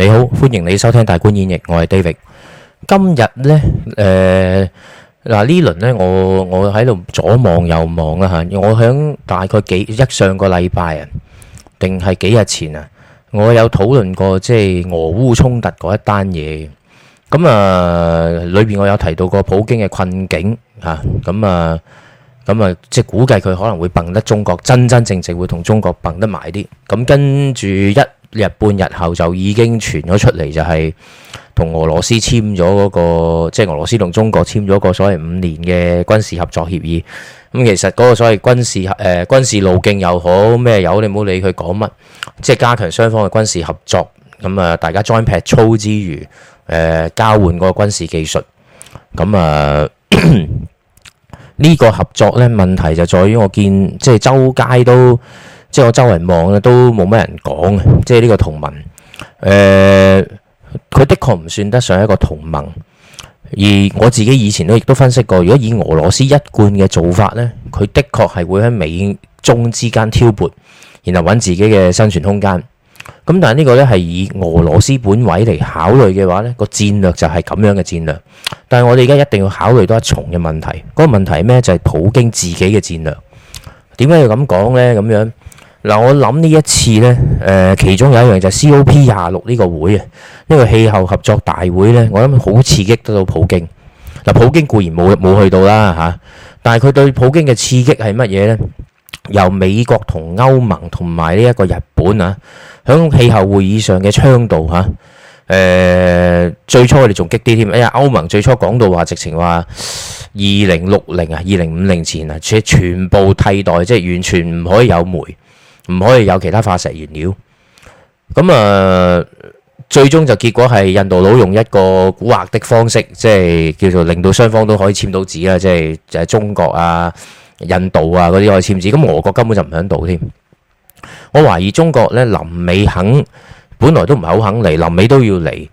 你好，歡迎你收聽大觀演繹，我係 David。今日咧，誒，嗱，呢輪咧，我我喺度左望右望啦吓。我響大概幾一上個禮拜啊，定係幾日前啊，我有討論過即係俄烏衝突嗰一單嘢。咁啊，裏邊我有提到過普京嘅困境吓，咁啊，咁啊，即係估計佢可能會崩得中國真真正正會同中國崩得埋啲。咁跟住一。日半日後就已經傳咗出嚟，那個，就係、是、同俄羅斯簽咗嗰個，即係俄羅斯同中國簽咗個所謂五年嘅軍事合作協議。咁、嗯、其實嗰個所謂軍事誒、呃、軍事路徑又好咩有，你唔好理佢講乜，即係加強雙方嘅軍事合作。咁、嗯、啊，大家 join pat 操之餘，誒、呃、交換嗰個軍事技術。咁、嗯、啊，呢、呃 這個合作呢問題就在於我見即係周街都。即係我周圍望咧，都冇咩人講嘅。即係呢個同盟，誒、呃，佢的確唔算得上一個同盟。而我自己以前咧亦都分析過，如果以俄羅斯一貫嘅做法呢，佢的確係會喺美中之間挑撥，然後揾自己嘅生存空間。咁但係呢個呢，係以俄羅斯本位嚟考慮嘅話，呢個戰略就係咁樣嘅戰略。但係我哋而家一定要考慮到一重嘅問題，嗰、嗰個問題咩？就係、係、普京自己嘅戰略。點解要咁講呢？咁樣？嗱，我諗呢一次呢，誒、呃，其中有一樣就係 COP 廿六呢個會啊，呢、這個氣候合作大會呢，我諗好刺激得到普京。嗱，普京固然冇冇去到啦嚇、啊，但係佢對普京嘅刺激係乜嘢呢？由美國同歐盟同埋呢一個日本啊，響氣候會議上嘅倡導嚇，誒、啊呃，最初我哋仲激啲添，哎呀，歐盟最初講到話，直情話二零六零啊，二零五零前啊，全全部替代，即係完全唔可以有煤。唔可以有其他化石燃料，咁啊、呃，最終就結果係印度佬用一個蠱惑的方式，即係叫做令到雙方都可以簽到紙啦，即係就係中國啊、印度啊嗰啲可以簽字。咁俄國根本就唔響度添。我懷疑中國呢，臨尾肯本來都唔係好肯嚟，臨尾都要嚟，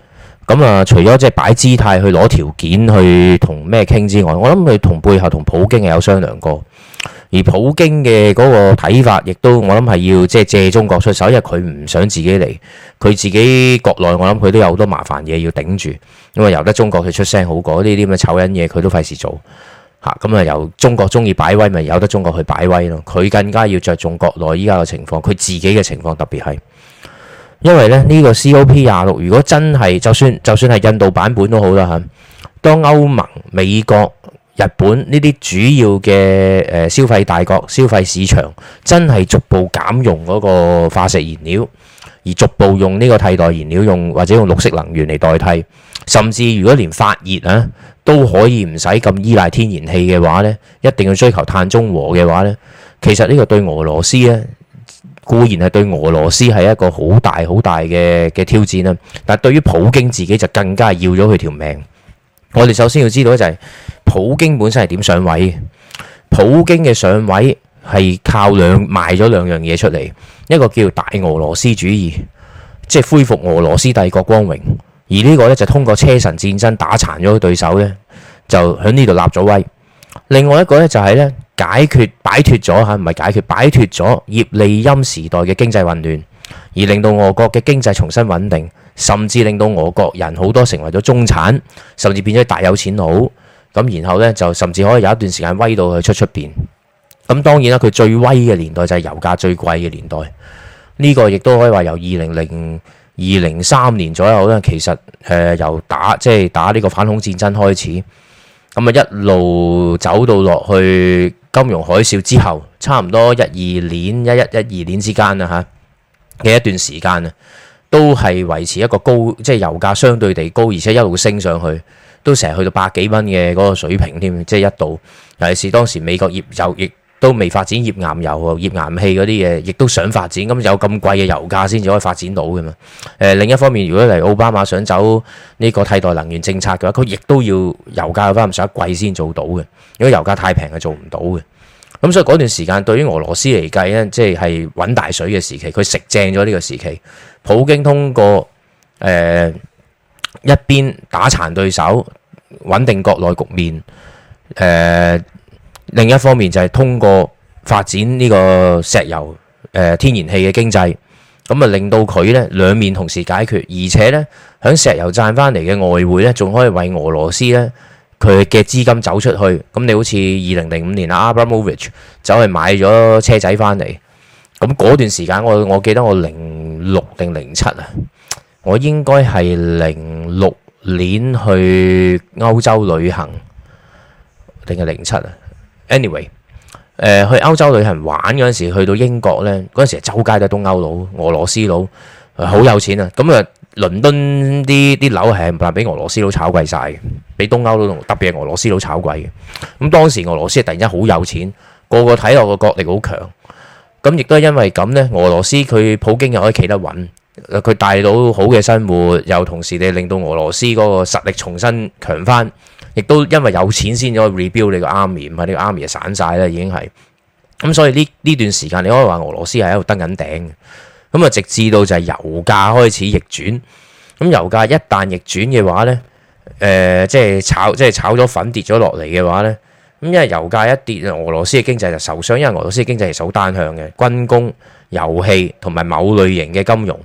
咁啊，除咗即係擺姿態去攞條件去同咩傾之外，我諗佢同背後同普京係有商量過。而普京嘅嗰個睇法，亦都我諗係要即係借中國出手，因為佢唔想自己嚟，佢自己國內我諗佢都有好多麻煩嘢要頂住，因為由得中國去出聲好過呢啲咁嘅醜人嘢，佢都費事做嚇。咁啊由中國中意擺威，咪由得中國去擺威咯。佢更加要着重國內依家嘅情況，佢自己嘅情況特別係，因為咧呢個 COP 廿六，如果真係就算就算係印度版本都好啦嚇，當歐盟、美國、日本呢啲主要嘅誒消費大國、消費市場，真係逐步減用嗰個化石燃料，而逐步用呢個替代燃料用，或者用綠色能源嚟代替。甚至如果連發熱啊都可以唔使咁依賴天然氣嘅話，呢一定要追求碳中和嘅話，呢其實呢個對俄羅斯咧，固然係對俄羅斯係一個好大好大嘅嘅挑戰啦。但係對於普京自己就更加係要咗佢條命。我哋首先要知道就係普京本身係點上位嘅。普京嘅上位係靠兩賣咗兩樣嘢出嚟，一個叫大俄羅斯主義，即係恢復俄羅斯帝國光榮，而呢個咧就通過車臣戰爭打殘咗對手咧，就響呢度立咗威。另外一個咧就係咧解決擺脫咗嚇，唔係解決擺脫咗葉利欽時代嘅經濟混亂，而令到俄國嘅經濟重新穩定。甚至令到俄國人好多成為咗中產，甚至變咗大有錢佬。咁然後呢，就甚至可以有一段時間威到佢出出面。咁當然啦，佢最威嘅年代就係油價最貴嘅年代。呢個亦都可以話由二零零二零三年左右呢，其實誒由打即係打呢個反恐戰爭開始，咁啊一路走到落去金融海嘯之後，差唔多一二年一一一二年之間啦嚇嘅一段時間啊。都係維持一個高，即係油價相對地高，而且一路升上去，都成日去到百幾蚊嘅嗰個水平添，即係一度。尤其是當時美國頁油亦都未發展頁岩油、頁岩氣嗰啲嘢，亦都想發展。咁有咁貴嘅油價先至可以發展到嘅嘛。誒、呃，另一方面，如果嚟奧巴馬想走呢個替代能源政策嘅話，佢亦都要油價有翻咁上下貴先做到嘅。如果油價太平，係做唔到嘅。咁、嗯、所以嗰段時間對於俄羅斯嚟計呢，即係揾大水嘅時期，佢食正咗呢個時期。普京通過誒、呃、一邊打殘對手，穩定國內局面；誒、呃、另一方面就係通過發展呢個石油、誒、呃、天然氣嘅經濟，咁啊令到佢呢兩面同時解決，而且呢，喺石油賺翻嚟嘅外匯呢，仲可以為俄羅斯呢。佢嘅資金走出去，咁你好似二零零五年啊，Abramovich 走去買咗車仔翻嚟，咁嗰段時間我我記得我零六定零七啊，我應該係零六年去歐洲旅行定係零七啊，anyway，呃，去歐洲旅行玩嗰陣時，去到英國呢，嗰陣時周街都係東歐佬、俄羅斯佬，好有錢啊，咁啊～倫敦啲啲樓係唔但俾俄羅斯佬炒貴晒，嘅，俾東歐都特別係俄羅斯佬炒貴嘅。咁當時俄羅斯突然之間好有錢，個個睇落個國力好強。咁亦都因為咁呢，俄羅斯佢普京又可以企得穩，佢帶到好嘅生活，又同時你令到俄羅斯嗰個實力重新強翻。亦都因為有錢先可以 rebuild 你個 army，唔係呢個 army 係散晒啦，已經係。咁所以呢呢段時間你可以話俄羅斯係喺度登緊頂。咁啊，直至到就係油價開始逆轉，咁油價一旦逆轉嘅話呢，誒、呃，即係炒，即係炒咗粉跌咗落嚟嘅話呢，咁因為油價一跌，俄羅斯嘅經濟就受傷，因為俄羅斯嘅經濟係首單向嘅，軍工、油氣同埋某類型嘅金融，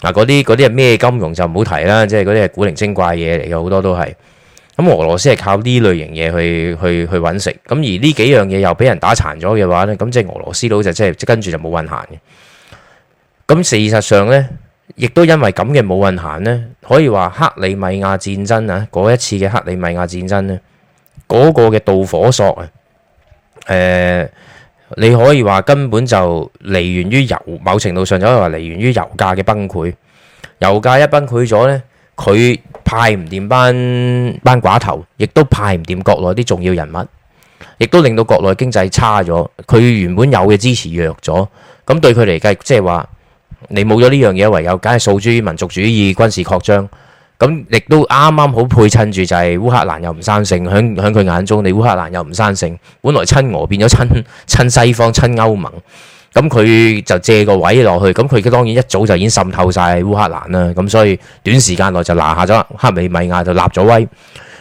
嗱，嗰啲啲係咩金融就唔好提啦，即係嗰啲係古靈精怪嘢嚟嘅，好多都係。咁俄羅斯係靠呢類型嘢去去去揾食，咁而呢幾樣嘢又俾人打殘咗嘅話呢，咁即係俄羅斯佬就係、即係即跟住就冇運行嘅。咁事實上呢，亦都因為咁嘅冇運行呢，可以話克里米亞戰爭啊，嗰一次嘅克里米亞戰爭咧，嗰個嘅導火索啊，誒，你可以話根本就嚟源於油，某程度上就可以話嚟源於油價嘅崩潰。油價一崩潰咗呢，佢派唔掂班班寡頭，亦都派唔掂國內啲重要人物，亦都令到國內經濟差咗。佢原本有嘅支持弱咗，咁對佢嚟計，即係話。你冇咗呢樣嘢，唯有梗係訴諸於民族主義、軍事擴張。咁亦都啱啱好配襯住，就係烏克蘭又唔生性。響響佢眼中，你烏克蘭又唔生性。本來親俄變咗親親西方、親歐盟，咁佢就借個位落去。咁佢當然一早就已經滲透晒烏克蘭啦。咁所以短時間內就拿下咗克里米亞，就立咗威。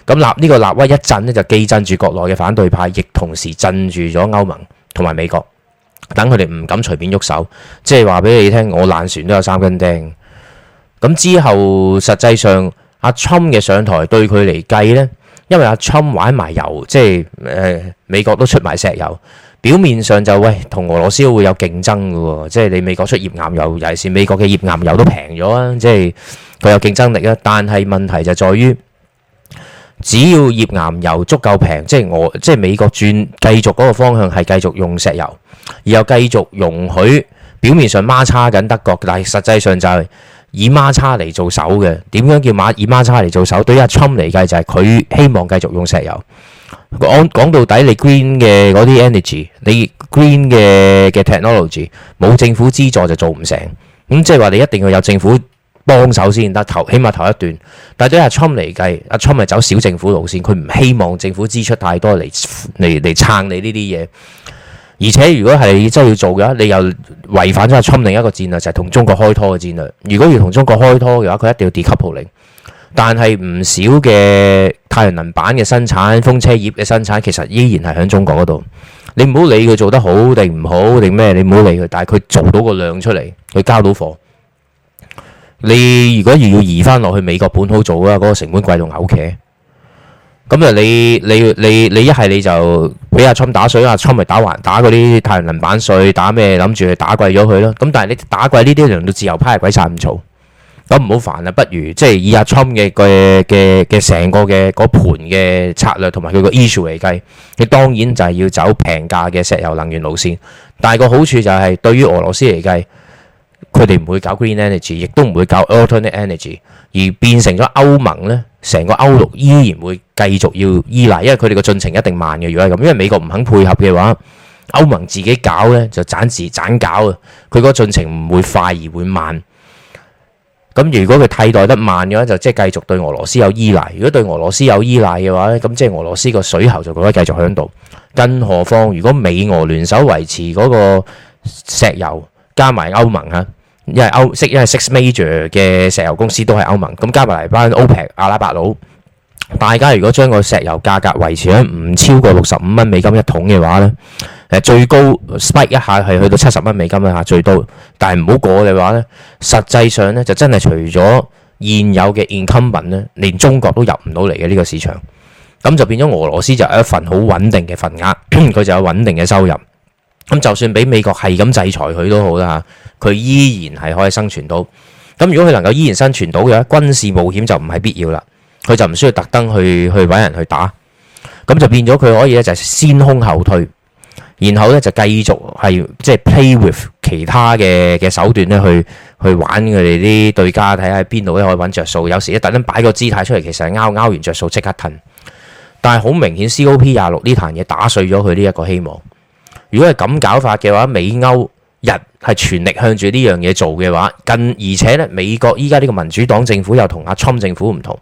咁立呢，這個立威一震呢，就既震住國內嘅反對派，亦同時震住咗歐盟同埋美國。等佢哋唔敢隨便喐手，即係話俾你聽，我爛船都有三根釘。咁之後實際上阿侵嘅上台對佢嚟計呢，因為阿侵玩埋油，即係誒美國都出埋石油，表面上就喂同俄羅斯會有競爭嘅，即係你美國出頁岩油，尤其是美國嘅頁岩油都平咗啊，即係佢有競爭力啊。但係問題就在於。只要頁岩油足夠平，即係我即係美國轉繼續嗰個方向係繼續用石油，然後繼續容許表面上孖叉緊德國，但係實際上就係以孖叉嚟做手嘅。點樣叫孖以孖叉嚟做手？對阿侵嚟計就係佢希望繼續用石油。講，講到底你 green 嘅嗰啲 energy，你 green 嘅嘅 technology 冇政府資助就做唔成。咁即係話你一定要有政府幫手先得，頭起碼頭一段。但係對阿 Trump 嚟計，阿 Trump 係走小政府路線，佢唔希望政府支出太多嚟嚟嚟撐你呢啲嘢。而且如果係真係要做嘅話，你又違反咗阿 Trump 另一個戰略，就係同中國開拖嘅戰略。如果要同中國開拖嘅話，佢一定要 decouple 你，但係唔少嘅太陽能板嘅生產、風車業嘅生產，其實依然係喺中國嗰度。你唔好理佢做得好定唔好定咩，你唔好理佢，但係佢做到個量出嚟，佢交到貨。你如果要移翻落去美國本土做啊，嗰個成本貴到扭曲。咁啊，你你你你一係你就俾阿侵打水，阿侵咪打橫打嗰啲太陽能板稅，打咩諗住打貴咗佢咯。咁但係你打貴呢啲，令到自由派鬼殺咁嘈。咁唔好煩啦，不如即係以阿侵嘅嘅嘅嘅成個嘅嗰盤嘅策略，同埋佢個 issue 嚟計，你當然就係要走平價嘅石油能源路線。但係個好處就係對於俄羅斯嚟計。佢哋唔會搞 green energy，亦都唔會搞 alternative energy 而變成咗歐盟呢成個歐陸依然會繼續要依賴，因為佢哋個進程一定慢嘅。如果係咁，因為美國唔肯配合嘅話，歐盟自己搞呢就盞時盞搞啊！佢個進程唔會快而會慢。咁如果佢替代得慢嘅話，就即係繼續對俄羅斯有依賴。如果對俄羅斯有依賴嘅話，咁即係俄羅斯個水喉就覺得繼續喺度。更何況如果美俄聯手維持嗰個石油加埋歐盟嚇。因為歐，因為 Six Major 嘅石油公司都係歐盟，咁加埋嚟班 OPEC 阿拉伯佬，大家如果將個石油價格維持喺唔超過六十五蚊美金一桶嘅話咧，誒最高 spike 一下係去到七十蚊美金啊，最多，但係唔好過嘅話咧，實際上咧就真係除咗現有嘅 incumbent 咧，連中國都入唔到嚟嘅呢個市場，咁就變咗俄羅斯就有一份好穩定嘅份額，佢 就有穩定嘅收入，咁就算俾美國係咁制裁佢都好啦嚇。佢依然係可以生存到，咁如果佢能夠依然生存到嘅話，軍事冒險就唔係必要啦，佢就唔需要特登去去揾人去打，咁就變咗佢可以咧就先空後退，然後咧就繼續係即係 play with 其他嘅嘅手段咧去去玩佢哋啲對家，睇下邊度都可以揾着數。有時一特登擺個姿態出嚟，其實係拗拗完着數即刻褪。但係好明顯，COP 廿六呢壇嘢打碎咗佢呢一個希望。如果係咁搞法嘅話，美歐。日係全力向住呢樣嘢做嘅話，近而且咧，美國依家呢個民主黨政府又同阿川政府唔同。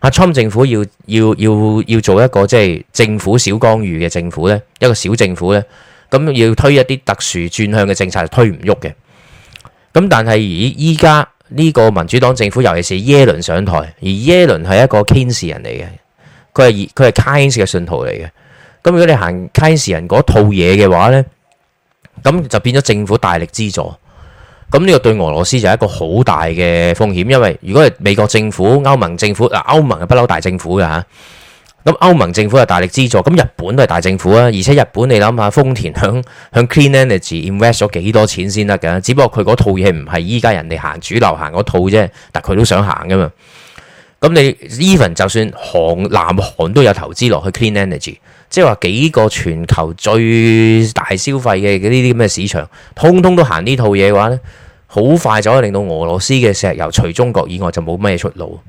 阿川政府要要要要做一個即係政府小干預嘅政府呢，一個小政府呢，咁要推一啲特殊轉向嘅政策係推唔喐嘅。咁但係而依家呢個民主黨政府，尤其是耶倫上台，而耶倫係一個 Keynes 人嚟嘅，佢係佢係 Keynes 嘅信徒嚟嘅。咁如果你行 Keynes 人嗰套嘢嘅話呢。咁就變咗政府大力資助，咁呢個對俄羅斯就係一個好大嘅風險，因為如果係美國政府、歐盟政府，啊歐盟係不嬲大政府㗎吓，咁歐盟政府係大力資助，咁日本都係大政府啊，而且日本你諗下，豐田響向 clean energy invest 咗幾多錢先得㗎？只不過佢嗰套嘢唔係依家人哋行主流行嗰套啫，但佢都想行㗎嘛。咁你 even 就算韓南韓都有投資落去 clean energy。即係話幾個全球最大消費嘅呢啲啲咁嘅市場，通通都行呢套嘢嘅話呢，好快就可以令到俄羅斯嘅石油除中國以外就冇咩出路。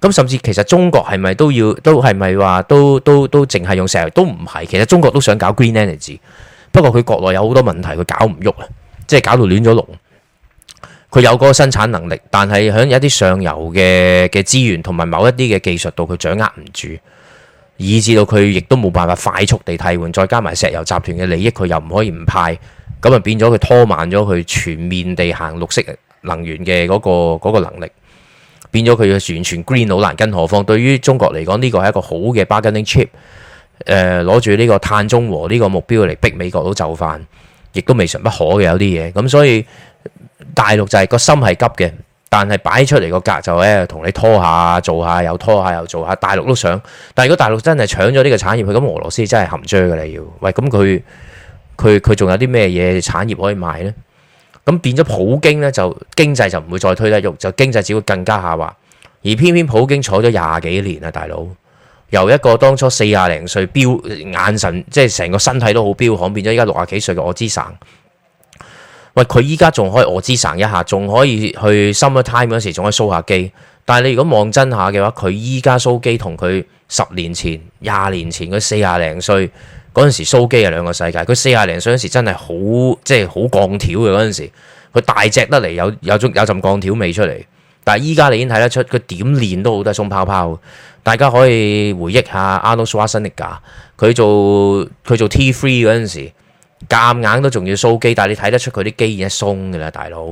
咁甚至其實中國係咪都要？都係咪話都都都淨係用石油？都唔係，其實中國都想搞 green energy，不過佢國內有好多問題，佢搞唔喐啊，即係搞到亂咗龍。佢有嗰個生產能力，但係喺一啲上游嘅嘅資源同埋某一啲嘅技術度，佢掌握唔住。以至到佢亦都冇辦法快速地替換，再加埋石油集團嘅利益，佢又唔可以唔派，咁啊變咗佢拖慢咗佢全面地行綠色能源嘅嗰、嗰個嗰個能力，變咗佢嘅完全 green 好難跟，何況對於中國嚟講呢個係一個好嘅 bargaining chip，誒攞住呢個碳中和呢個目標嚟逼美國都就範，亦都未嘗不可嘅有啲嘢，咁所以大陸就係、是、個心係急嘅。但係擺出嚟個格就咧、是，同、哎、你拖下做下，又拖下，又，拖下又做下。大陸都想，但係如果大陸真係搶咗呢個產業，佢咁俄羅斯真係含遮嘅啦。要喂，咁佢佢佢仲有啲咩嘢產業可以賣呢？咁變咗普京呢，就經濟就唔會再推得喐，就經濟只會更加下滑。而偏偏普京坐咗廿幾年啊，大佬，由一個當初四廿零歲彪眼神，即係成個身體都好彪悍，變咗依家六廿幾歲嘅我之省。喂，佢依家仲可以我姿撐一下，仲可以去 summertime 嗰時，仲可以 show 下肌。但係你如果望真下嘅話，佢依家 show 肌同佢十年前、廿年前佢四廿零歲嗰陣時 show 肌係兩個世界。佢四廿零歲嗰時真係好，即係好鋼條嘅嗰陣時，佢大隻得嚟，有有種有陣鋼條味出嚟。但係依家你已經睇得出，佢點練都好都係鬆泡泡。大家可以回憶下 Arnold Schwarzenegger，佢做佢做 T three 嗰陣時。夾硬，硬都仲要縮肌，但係你睇得出佢啲肌已經鬆噶啦，大佬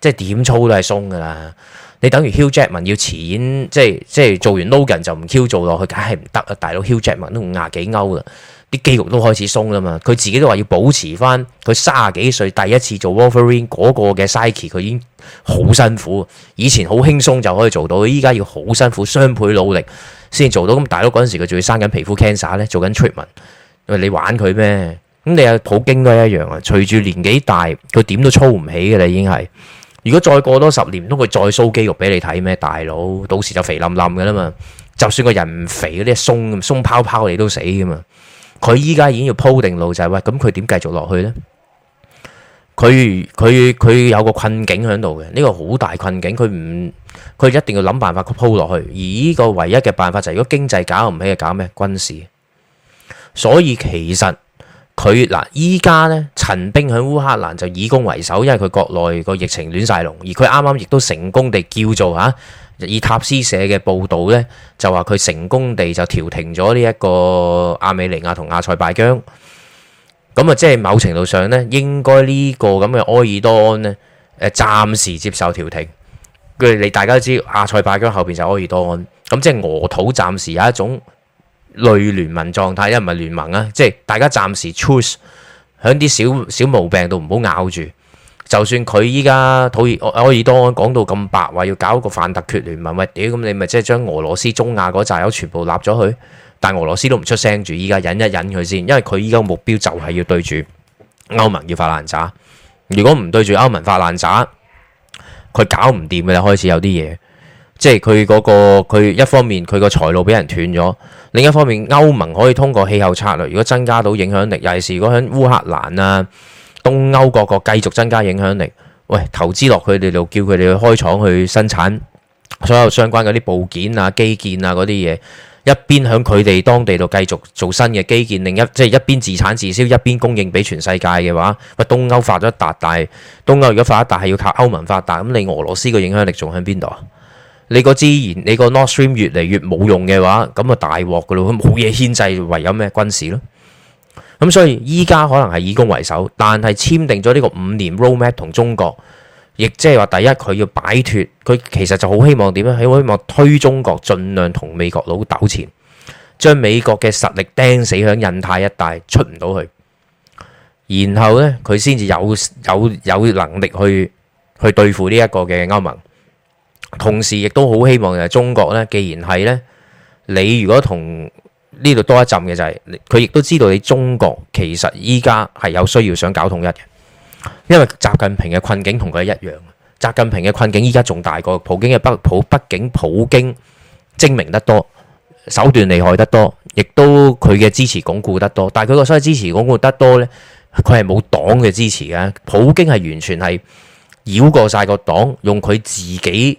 即係點操都係鬆噶啦。你等於 Hugh Jackman 要錢，即係即係做完 Logan 就唔 Q 做落去，梗係唔得啊，大佬 Hugh Jackman 都五廿幾歐啦，啲肌肉都開始鬆啦嘛。佢自己都話要保持翻佢三十幾歲第一次做 Wolverine 嗰個嘅 size，佢已經好辛苦，以前好輕鬆就可以做到，依家要好辛苦雙倍努力先做到。咁大佬嗰陣時佢仲要生緊皮膚 cancer 咧，做緊 treatment，因你玩佢咩？咁你阿普京都係一樣啊！隨住年紀大，佢點都操唔起嘅啦，已經係。如果再過多十年，都會再蘇肌肉俾你睇咩？大佬到時就肥冧冧嘅啦嘛。就算個人唔肥，嗰啲鬆鬆泡泡你都死嘅嘛。佢依家已經要鋪定路，就係、是、喂咁，佢點繼續落去呢？佢佢佢有個困境喺度嘅，呢、這個好大困境。佢唔佢一定要諗辦法去鋪落去，而呢個唯一嘅辦法就係、是、如果經濟搞唔起，係搞咩軍事。所以其實。佢嗱，依家呢，陳兵喺烏克蘭就以攻為守，因為佢國內個疫情亂晒龍。而佢啱啱亦都成功地叫做嚇、啊，以塔斯社嘅報導呢，就話佢成功地就調停咗呢一個亞美尼亞同亞塞拜疆。咁啊，即係某程度上呢，應該呢個咁嘅埃爾多安呢，誒暫時接受調停。佢你大家都知道，亞塞拜疆後邊就埃爾多安，咁即係俄土暫時有一種。類聯盟狀態，因為唔係聯盟啊，即係大家暫時 choose 喺啲小小毛病度唔好咬住。就算佢依家土耳其、埃爾多安講到咁白話，要搞個泛突厥聯盟，喂、哎、屌，咁你咪即係將俄羅斯中亞嗰扎友全部立咗佢，但係俄羅斯都唔出聲住，依家忍一忍佢先，因為佢依家目標就係要對住歐盟要發爛渣。如果唔對住歐盟發爛渣，佢搞唔掂嘅，就開始有啲嘢。即係佢嗰個，佢一方面佢個財路俾人斷咗，另一方面歐盟可以通過氣候策略，如果增加到影響力，尤其是如果響烏克蘭啊、東歐各國繼續增加影響力，喂，投資落佢哋度就叫佢哋去開廠去生產所有相關嗰啲部件啊、基建啊嗰啲嘢，一邊響佢哋當地度繼續做新嘅基建，另一即係、就是、一邊自產自銷，一邊供應俾全世界嘅話，喂，東歐發咗一達，但係東歐如果發一達係要靠歐盟發達，咁你俄羅斯個影響力仲喺邊度啊？你個資源，你個 Nord Stream 越嚟越冇用嘅話，咁啊大鑊噶咯，冇嘢牽制，唯有咩軍事咯。咁所以依家可能係以攻為守，但係簽訂咗呢個五年 roadmap 同中國，亦即係話第一，佢要擺脫，佢其實就好希望點樣？希希望推中國，盡量同美國佬糾纏，將美國嘅實力釘死喺印太一帶，出唔到去，然後呢，佢先至有有有能力去去對付呢一個嘅歐盟。同時亦都好希望就係中國呢，既然係呢，你如果同呢度多一浸嘅就係，佢亦都知道你中國其實依家係有需要想搞統一嘅，因為習近平嘅困境同佢一樣，習近平嘅困境依家仲大過普京嘅。北普畢竟普京精明得多，手段厲害得多，亦都佢嘅支持鞏固得多。但係佢個所謂支持鞏固得多呢，佢係冇黨嘅支持嘅，普京係完全係繞過晒個黨，用佢自己。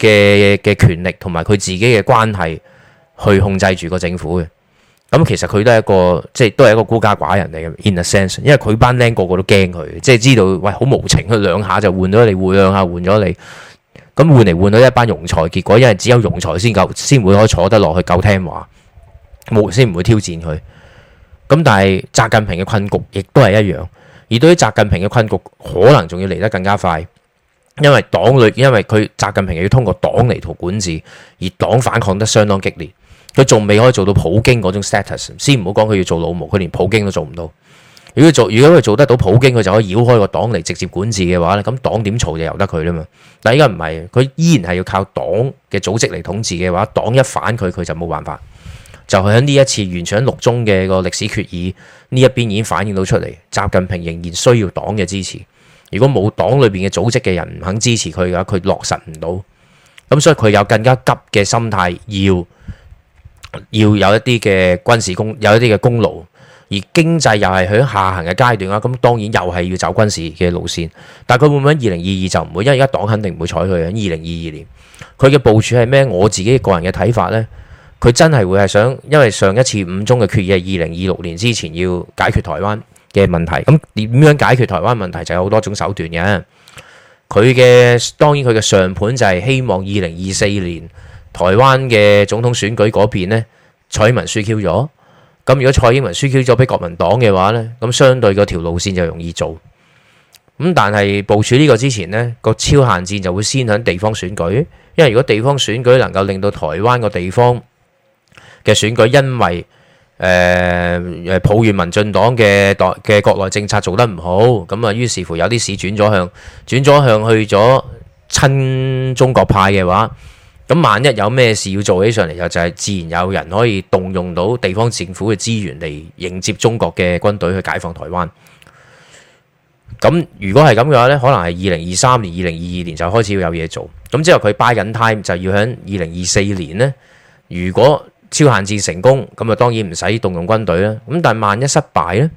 嘅嘅權力同埋佢自己嘅關係去控制住個政府嘅，咁其實佢都係一個即係都係一個孤家寡人嚟嘅。In a sense，因為佢班僆個個都驚佢，即係知道喂好無情，佢兩下就換咗你，換兩下換咗你，咁換嚟換到一班庸才，結果因為只有庸才先夠，先會可以坐得落去夠聽話，冇先唔會挑戰佢。咁但係習近平嘅困局亦都係一樣，而對於習近平嘅困局，可能仲要嚟得更加快。因為黨裏，因為佢習近平要通過黨嚟圖管治，而黨反抗得相當激烈，佢仲未可以做到普京嗰種 status。先唔好講佢要做老毛，佢連普京都做唔到。如果做，如果佢做得到普京，佢就可以繞開個黨嚟直接管治嘅話，咁黨點嘈就由得佢啦嘛。但係依家唔係，佢依然係要靠黨嘅組織嚟統治嘅話，黨一反佢，佢就冇辦法。就係喺呢一次完全喺六中嘅個歷史決議，呢一邊已經反映到出嚟，習近平仍然需要黨嘅支持。如果冇黨裏邊嘅組織嘅人唔肯支持佢嘅話，佢落實唔到，咁所以佢有更加急嘅心態要，要要有一啲嘅軍事功，有一啲嘅功勞，而經濟又係響下行嘅階段啊，咁當然又係要走軍事嘅路線。但係佢會唔會二零二二就唔會？因為而家黨肯定唔會睬佢嘅。二零二二年，佢嘅部署係咩？我自己個人嘅睇法呢，佢真係會係想，因為上一次五中嘅決議係二零二六年之前要解決台灣。嘅問題，咁點樣解決台灣問題就有好多種手段嘅。佢嘅，當然佢嘅上盤就係希望二零二四年台灣嘅總統選舉嗰邊呢，蔡英文輸 Q 咗。咁如果蔡英文輸 Q 咗俾國民黨嘅話呢，咁相對嗰條路線就容易做。咁但係部署呢個之前呢，個超限戰就會先喺地方選舉，因為如果地方選舉能夠令到台灣個地方嘅選舉因為誒誒、嗯，抱怨民進黨嘅代嘅國內政策做得唔好，咁啊，於是乎有啲事轉咗向，轉咗向去咗親中國派嘅話，咁萬一有咩事要做起上嚟，就就係、自然有人可以動用到地方政府嘅資源嚟迎接中國嘅軍隊去解放台灣。咁如果係咁嘅話呢，可能係二零二三年、二零二二年就開始要有嘢做。咁之後佢 buy time 就要喺二零二四年呢。如果。超限戰成功，咁啊當然唔使動用軍隊啦。咁但係萬一失敗咧，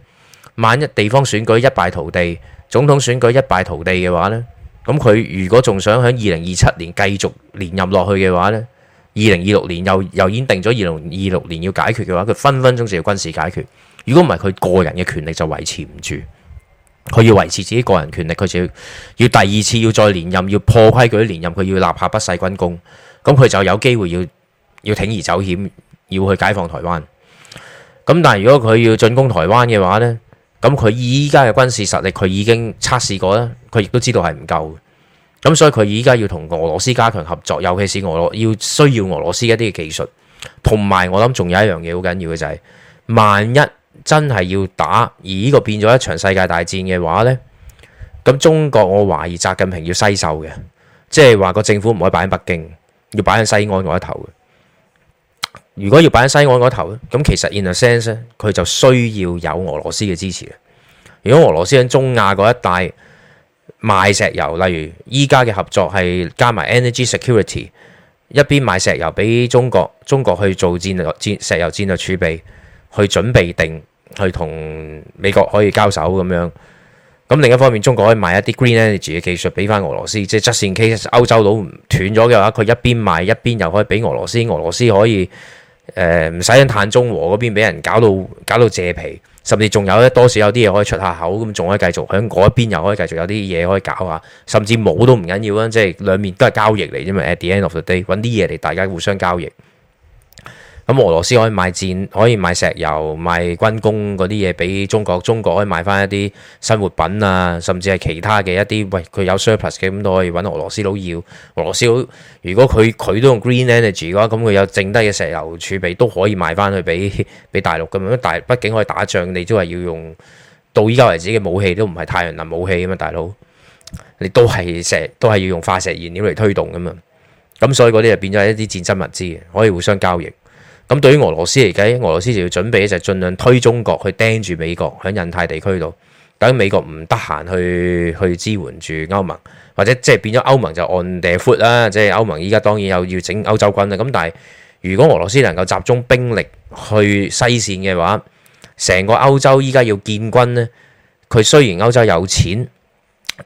萬一地方選舉一敗塗地，總統選舉一敗塗地嘅話咧，咁佢如果仲想喺二零二七年繼續連任落去嘅話咧，二零二六年又又已經定咗二零二六年要解決嘅話，佢分分鐘就要軍事解決。如果唔係，佢個人嘅權力就維持唔住，佢要維持自己個人權力，佢就要要第二次要再連任，要破規矩連任，佢要立下不世軍功，咁佢就有機會要。要鋌而走險，要去解放台灣。咁但係如果佢要進攻台灣嘅話呢咁佢依家嘅軍事實力佢已經測試過咧，佢亦都知道係唔夠。咁所以佢依家要同俄羅斯加強合作，尤其是俄羅要需要俄羅斯一啲嘅技術。同埋我諗，仲有一樣嘢好緊要嘅就係，萬一真係要打而呢個變咗一場世界大戰嘅話呢咁中國我懷疑習近平要西狩嘅，即係話個政府唔可以擺喺北京，要擺喺西安嗰一頭嘅。如果要擺喺西岸嗰頭咧，咁其實 in a sense 佢就需要有俄羅斯嘅支持。如果俄羅斯喺中亞嗰一帶賣石油，例如依家嘅合作係加埋 energy security，一邊賣石油俾中國，中國去做戰略戰石油戰略儲備，去準備定去同美國可以交手咁樣。咁另一方面，中國可以賣一啲 green energy 嘅技術俾翻俄羅斯，即係 just in case，其實歐洲佬斷咗嘅話，佢一邊賣一邊又可以俾俄羅斯，俄羅斯可以。誒，唔使喺碳中和嗰邊俾人搞到搞到借皮，甚至仲有咧，多少有啲嘢可以出下口，咁仲可以繼續喺嗰一邊又可以繼續有啲嘢可以搞下，甚至冇都唔緊要啊！即係兩面都係交易嚟，因為 at the end of the day 揾啲嘢嚟大家互相交易。咁俄羅斯可以賣戰，可以賣石油、賣軍工嗰啲嘢俾中國，中國可以買翻一啲生活品啊，甚至係其他嘅一啲，喂，佢有 surplus 嘅咁都可以揾俄羅斯佬要。俄羅斯佬如果佢佢都用 green energy 嘅話，咁佢有剩低嘅石油儲備都可以賣翻去俾俾大陸噶嘛。但畢竟可以打仗，你都係要用到依家為止嘅武器都唔係太陽能武器啊嘛，大佬，你都係石都係要用化石燃料嚟推動噶嘛。咁所以嗰啲就變咗係一啲戰爭物資，可以互相交易。咁、嗯、對於俄羅斯嚟講，俄羅斯就要準備咧，就盡量推中國去釘住美國喺印太地區度，等於美國唔得閒去去支援住歐盟，或者即係變咗歐盟就按地闊啦。即係歐盟依家當然又要整歐洲軍啦。咁但係如果俄羅斯能夠集中兵力去西線嘅話，成個歐洲依家要建軍呢，佢雖然歐洲有錢。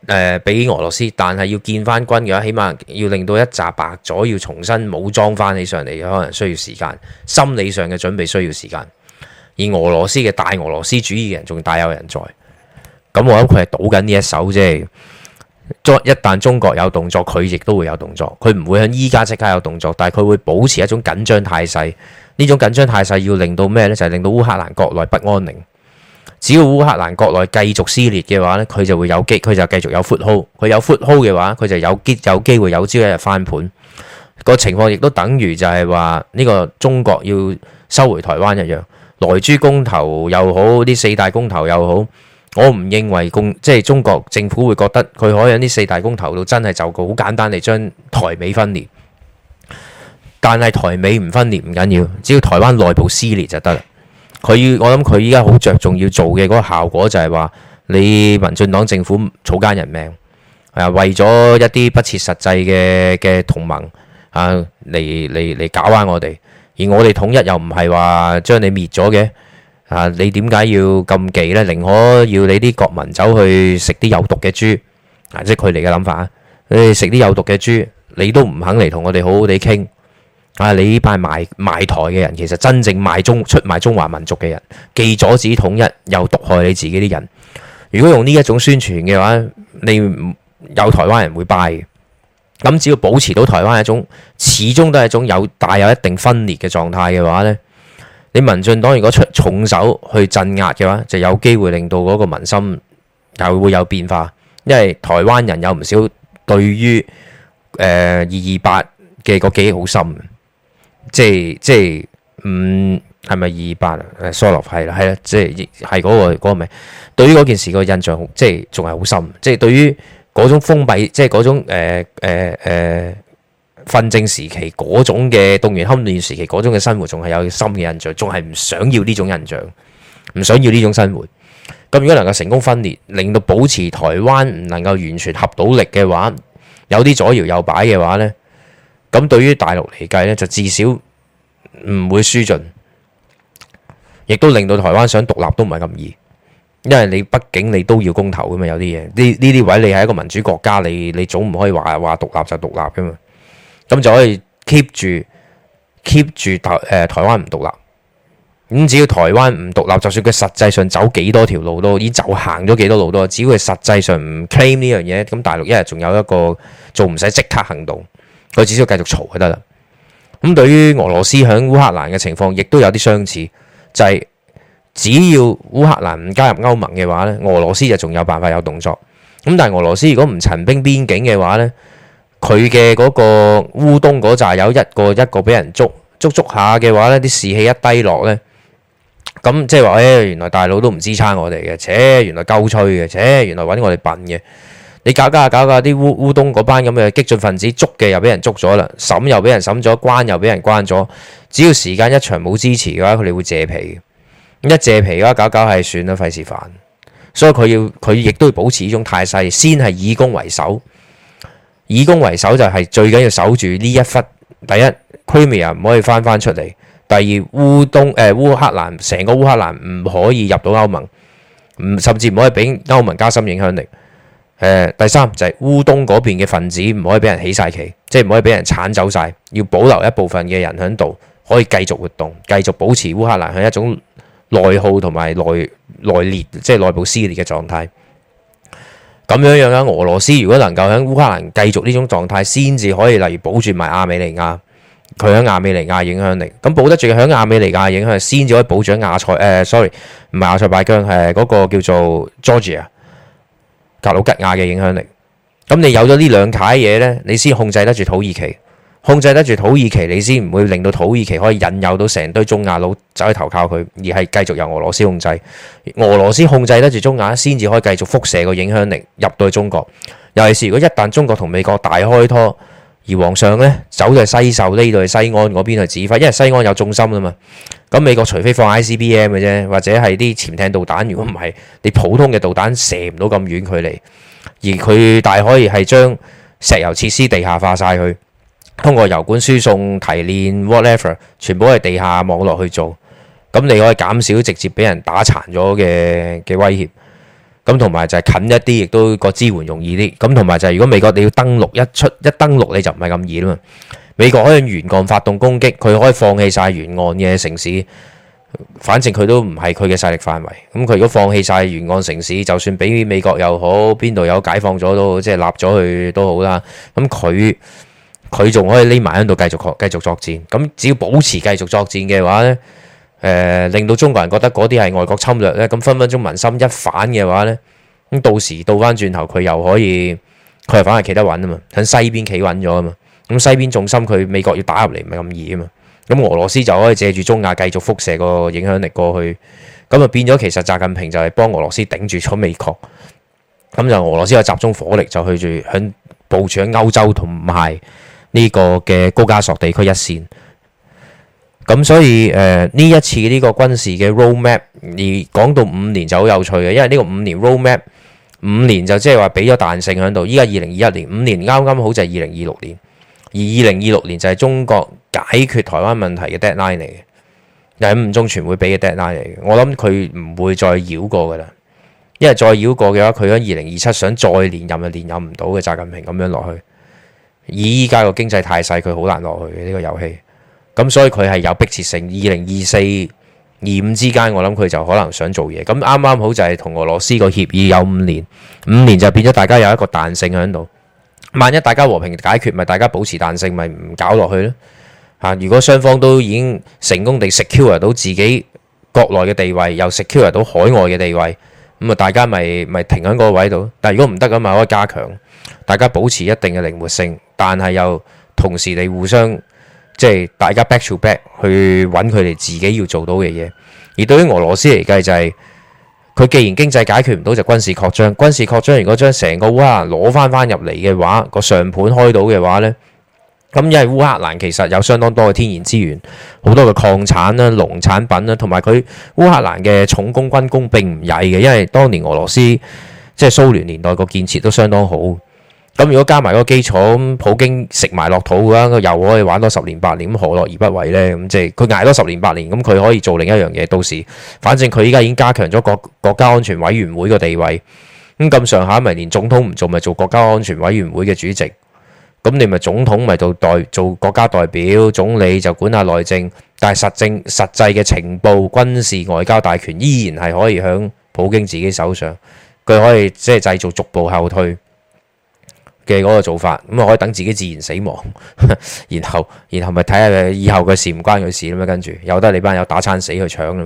誒，俾、呃、俄羅斯，但係要建翻軍嘅話，起碼要令到一扎白咗，要重新武裝翻起上嚟，可能需要時間。心理上嘅準備需要時間。而俄羅斯嘅大俄羅斯主義嘅人仲大有人在。咁我諗佢係賭緊呢一手啫。一旦中國有動作，佢亦都會有動作。佢唔會響依家即刻有動作，但係佢會保持一種緊張態勢。呢種緊張態勢要令到咩呢？就係、是、令到烏克蘭國內不安寧。只要烏克蘭國內繼續撕裂嘅話呢，佢就會有機，佢就繼續有 foothold。佢有 foothold 嘅話，佢就有機有機會有朝一日翻盤。這個情況亦都等於就係話呢個中國要收回台灣一樣。萊豬公投又好，呢四大公投又好，我唔認為共即係中國政府會覺得佢可以喺呢四大公投度真係就個好簡單地將台美分裂。但係台美唔分裂唔緊要，只要台灣內部撕裂就得啦。佢我諗佢依家好着重要做嘅嗰個效果就係話，你民進黨政府草菅人命，誒、啊、為咗一啲不切實際嘅嘅同盟啊嚟嚟嚟搞翻我哋，而我哋統一又唔係話將你滅咗嘅，啊你點解要咁忌咧？寧可要你啲國民走去食啲有毒嘅豬，啊即係佢哋嘅諗法啊，你食啲有毒嘅豬，你都唔肯嚟同我哋好好地傾。啊！你呢班賣賣台嘅人，其實真正賣中出賣中華民族嘅人，既阻止統一又毒害你自己啲人。如果用呢一種宣傳嘅話，你有台灣人會拜嘅。咁只要保持到台灣一種始終都係一種有帶有一定分裂嘅狀態嘅話呢，你民進黨如果出重手去鎮壓嘅話，就有機會令到嗰個民心又會有變化，因為台灣人有唔少對於誒二二八嘅個記憶好深。即係即係，嗯，係咪二八？誒，sorry，係啦，係啦，即係係嗰個嗰個名。對於嗰件事個印象，即係仲係好深。即係對於嗰種封閉，即係嗰種誒誒誒，憲、呃、政、呃呃、時期嗰種嘅動員、戡亂時期嗰種嘅生活，仲係有深嘅印象，仲係唔想要呢種印象，唔想要呢種生活。咁如果能夠成功分裂，令到保持台灣唔能夠完全合到力嘅話，有啲左搖右擺嘅話咧，咁對於大陸嚟計咧，就至少，唔會輸盡，亦都令到台灣想獨立都唔係咁易，因為你畢竟你都要公投噶嘛，有啲嘢呢，呢啲位你係一個民主國家，你你總唔可以話，話獨立就獨立噶嘛，咁就可以 keep 住 keep 住台誒台灣唔獨立，咁只要台灣唔獨立，就算佢實際上走幾多條路都，已經就行咗幾多路都，只要佢實際上唔 claim 呢樣嘢，咁大陸一日仲有一個做唔使即刻行動，佢只需要繼續嘈就得啦。咁對於俄羅斯喺烏克蘭嘅情況，亦都有啲相似，就係只要烏克蘭唔加入歐盟嘅話咧，俄羅斯就仲有辦法有動作。咁但係俄羅斯如果唔陳兵邊境嘅話咧，佢嘅嗰個烏東嗰紮有一個一個俾人捉捉捉下嘅話咧，啲士氣一低落咧，咁即係話咧，原來大佬都唔支撐我哋嘅，且原來鳩吹嘅，且原來揾我哋笨嘅。你搞搞下搞下，啲烏烏冬嗰班咁嘅激進分子捉嘅又俾人捉咗啦，審又俾人審咗，關又俾人關咗。只要時間一長冇支持嘅話，佢哋會借皮。一借皮嘅話，搞搞係算啦，費事煩。所以佢要佢亦都要保持呢種態勢，先係以攻為守。以攻為守就係最緊要守住呢一忽。第一克里米亞啊，唔可以翻翻出嚟。第二，烏東誒、呃、烏克蘭，成個烏克蘭唔可以入到歐盟，唔甚至唔可以俾歐盟加深影響力。誒第三就係、是、烏東嗰邊嘅分子唔可以俾人起晒旗，即係唔可以俾人鏟走晒。要保留一部分嘅人喺度，可以繼續活動，繼續保持烏克蘭係一種內耗同埋內內裂，即係內部撕裂嘅狀態。咁樣樣啦，俄羅斯如果能夠喺烏克蘭繼續呢種狀態，先至可以例如保住埋亞美尼亞，佢喺亞美尼亞影響力，咁保得住喺亞美尼亞影響力，先至可以保障亞塞誒、呃、sorry 唔係亞塞拜疆，誒嗰個叫做 Georgia。格魯吉亞嘅影響力，咁你有咗呢兩派嘢呢，你先控制得住土耳其，控制得住土耳其，你先唔會令到土耳其可以引誘到成堆中亞佬走去投靠佢，而係繼續由俄羅斯控制。俄羅斯控制得住中亞，先至可以繼續輻射個影響力入到去中國。尤其是如果一旦中國同美國大開拖。而皇上咧走就西受呢度，西安嗰邊去指揮，因為西安有重心啊嘛。咁美國除非放 ICBM 嘅啫，或者係啲潛艇導彈，如果唔係，你普通嘅導彈射唔到咁遠距離，而佢大可以係將石油設施地下化晒去，通過油管輸送、提煉 whatever，全部都係地下網絡去做，咁你可以減少直接俾人打殘咗嘅嘅威脅。咁同埋就係近一啲，亦都個支援容易啲。咁同埋就係，如果美國你要登陸一出一登陸，你就唔係咁易啦嘛。美國可以沿岸發動攻擊，佢可以放棄晒沿岸嘅城市，反正佢都唔係佢嘅勢力範圍。咁佢如果放棄晒沿岸城市，就算俾美國又好，邊度有解放咗都好，即係立咗去都好啦。咁佢佢仲可以匿埋喺度繼續抗繼續作戰。咁只要保持繼續作戰嘅話咧。誒，令到中國人覺得嗰啲係外國侵略咧，咁分分鐘民心一反嘅話咧，咁到時倒翻轉頭佢又可以，佢係反而企得穩啊嘛，喺西邊企穩咗啊嘛，咁西邊重心佢美國要打入嚟唔係咁易啊嘛，咁俄羅斯就可以借住中亞繼續輻射個影響力過去，咁啊變咗其實習近平就係幫俄羅斯頂住咗美國，咁就俄羅斯就集中火力就去住響部署喺歐洲同埋呢個嘅高加索地區一線。咁、嗯、所以誒呢、呃、一次呢個軍事嘅 roadmap 而講到五年就好有趣嘅，因為呢個五年 roadmap 五年就即係話俾咗彈性喺度。依家二零二一年五年啱啱好就係二零二六年，而二零二六年就係中國解決台灣問題嘅 deadline 嚟嘅，又喺五中全會俾嘅 deadline 嚟嘅。我諗佢唔會再繞過噶啦，因為再繞過嘅話，佢喺二零二七想再連任就連任唔到嘅。習近平咁樣落去，以依家、這個經濟態勢，佢好難落去嘅呢個遊戲。咁所以佢係有迫切性，二零二四二五之間，我諗佢就可能想做嘢。咁啱啱好就係同俄羅斯個協議有五年，五年就變咗大家有一個彈性喺度。萬一大家和平解決，咪大家保持彈性，咪唔搞落去咯。吓、啊，如果雙方都已經成功地 secure 到自己國內嘅地位，又 secure 到海外嘅地位，咁、嗯、啊大家咪咪停喺嗰個位度。但如果唔得，咁咪可以加強大家保持一定嘅靈活性，但係又同時地互相。即係大家 back to back 去揾佢哋自己要做到嘅嘢，而對於俄羅斯嚟計就係、是、佢既然經濟解決唔到，就軍事擴張。軍事擴張如果將成個烏克蘭攞翻翻入嚟嘅話，個上盤開到嘅話呢，咁因為烏克蘭其實有相當多嘅天然資源，好多嘅礦產啦、農產品啦，同埋佢烏克蘭嘅重工軍工並唔曳嘅，因為當年俄羅斯即係蘇聯年代個建設都相當好。咁如果加埋個基礎，普京食埋落肚嘅話，又可以玩多十年八年，何樂而不為呢？咁即係佢捱多十年八年，咁佢可以做另一樣嘢。到時，反正佢依家已經加強咗國國家安全委員會嘅地位。咁咁上下，咪連總統唔做，咪做國家安全委員會嘅主席？咁你咪總統咪做代做國家代表，總理就管下內政。但係實政實際嘅情報、軍事、外交大權，依然係可以喺普京自己手上。佢可以即係製造逐步後退。嘅嗰個做法，咁，啊可以等自己自然死亡， 然後然後咪睇下以後嘅事唔關佢事啦。咩跟住由得你班友打餐死去搶啦。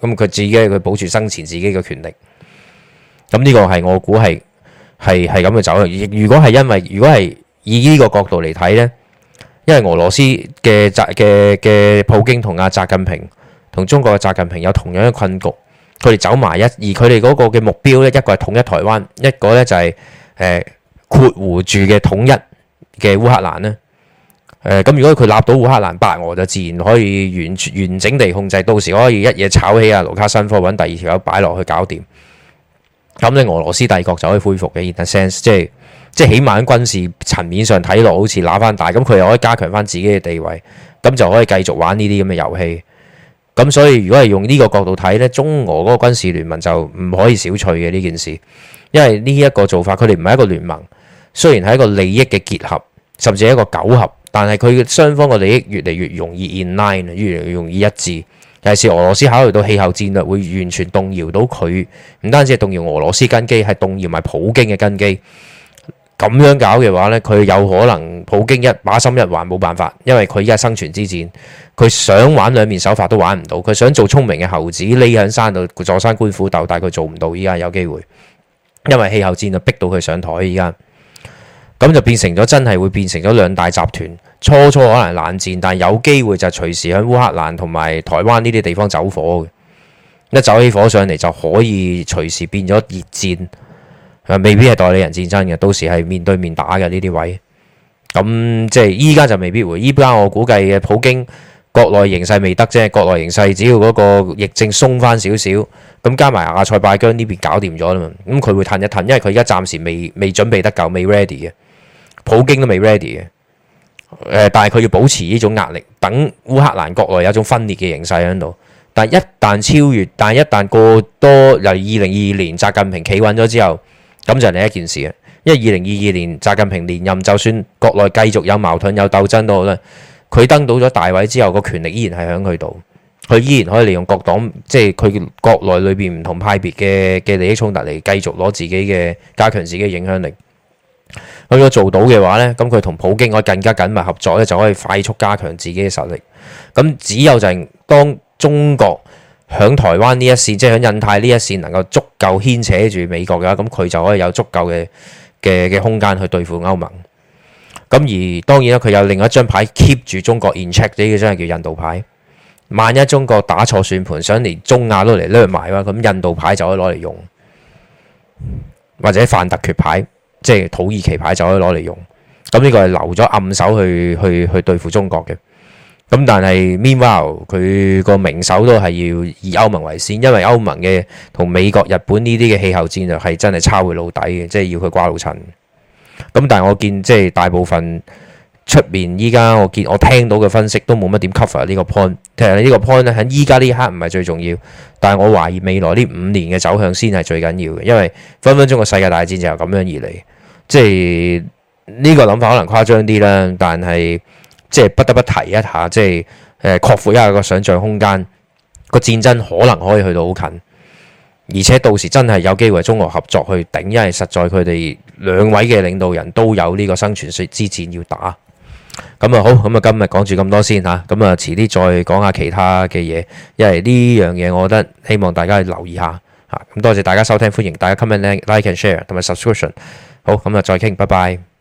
咁佢自己，佢保住生前自己嘅權力。咁呢個係我估係係係咁去走，如果係因為如果係以呢個角度嚟睇呢，因為俄羅斯嘅扎嘅嘅普京同阿習近平同中國嘅習近平有同樣嘅困局，佢哋走埋一，而佢哋嗰個嘅目標呢，一個係統一台灣，一個呢就係、是、誒。呃括弧住嘅統一嘅烏克蘭呢，誒、呃、咁如果佢立到烏克蘭白俄就自然可以完全完整地控制，到時可以一嘢炒起阿盧卡申科，揾第二條友擺落去搞掂，咁你俄羅斯帝國就可以恢復嘅。in a sense 即係即係起碼喺軍事層面上睇落好似拿翻大，咁佢又可以加強翻自己嘅地位，咁就可以繼續玩呢啲咁嘅遊戲。咁所以如果係用呢個角度睇呢，中俄嗰個軍事聯盟就唔可以小覷嘅呢件事，因為呢一個做法佢哋唔係一個聯盟。雖然係一個利益嘅結合，甚至一個糾合，但係佢嘅雙方嘅利益越嚟越容易 in line，越嚟越容易一致。尤其係俄羅斯考慮到氣候戰略會完全動搖到佢，唔單止係動搖俄羅斯根基，係動搖埋普京嘅根基。咁樣搞嘅話呢，佢有可能普京一把心一橫冇辦法，因為佢依家生存之戰，佢想玩兩面手法都玩唔到，佢想做聰明嘅猴子匿喺山度坐山觀虎鬥，但係佢做唔到。依家有機會，因為氣候戰略逼到佢上台依家。咁就變成咗，真係會變成咗兩大集團。初初可能冷戰，但係有機會就隨時喺烏克蘭同埋台灣呢啲地方走火嘅。一走起火上嚟，就可以隨時變咗熱戰。誒，未必係代理人戰爭嘅，到時係面對面打嘅呢啲位。咁即係依家就未必會。依家我估計嘅普京國內形勢未得，啫，即係國內形勢，只要嗰個疫症鬆返少少，咁加埋阿塞拜疆呢邊搞掂咗啦嘛，咁佢會褪一褪，因為佢而家暫時未未準備得夠，未 ready 嘅。普京都未 ready 嘅，但係佢要保持呢種壓力，等烏克蘭國內有一種分裂嘅形勢喺度。但係一旦超越，但係一旦過多，由二零二二年習近平企穩咗之後，咁就另一件事啊，因為二零二二年習近平連任，就算國內繼續有矛盾有鬥爭都好啦，佢登到咗大位之後個權力依然係響佢度，佢依然可以利用各黨，即係佢國內裏邊唔同派別嘅嘅利益衝突嚟繼續攞自己嘅加強自己嘅影響力。如果做到嘅話呢，咁佢同普京可以更加緊密合作呢就可以快速加強自己嘅實力。咁只有就係當中國喺台灣呢一線，即係喺印太呢一線能夠足夠牽扯住美國嘅話，咁佢就可以有足夠嘅嘅嘅空間去對付歐盟。咁而當然啦，佢有另一張牌 keep 住中國 in check 呢張係叫印度牌。萬一中國打錯算盤，想連中亞都嚟掠埋嘅話，咁印度牌就可以攞嚟用，或者泛突厥牌。即係土耳其牌就可以攞嚟用，咁、這、呢個係留咗暗手去去去對付中國嘅。咁但係 Meanwhile，佢個明手都係要以歐盟為先，因為歐盟嘅同美國、日本呢啲嘅氣候戰略係真係抄佢老底嘅，即係要佢瓜老襯。咁但係我見即係大部分出面依家我見我聽到嘅分析都冇乜點 cover 呢個 point。其實呢個 point 呢，喺依家呢刻唔係最重要，但係我懷疑未來呢五年嘅走向先係最緊要嘅，因為分分鐘個世界大戰就係咁樣而嚟。即係呢個諗法可能誇張啲啦，但係即係不得不提一下，即係誒擴闊一下一個想象空間，個戰爭可能可以去到好近，而且到時真係有機會中俄合作去頂，因為實在佢哋兩位嘅領導人都有呢個生存說之戰要打。咁啊好，咁啊今日講住咁多先吓，咁啊遲啲再講下其他嘅嘢，因為呢樣嘢，我覺得希望大家去留意下吓。咁多謝大家收聽，歡迎大家 comment like and share 同埋 subscription。好，咁就再傾，拜拜。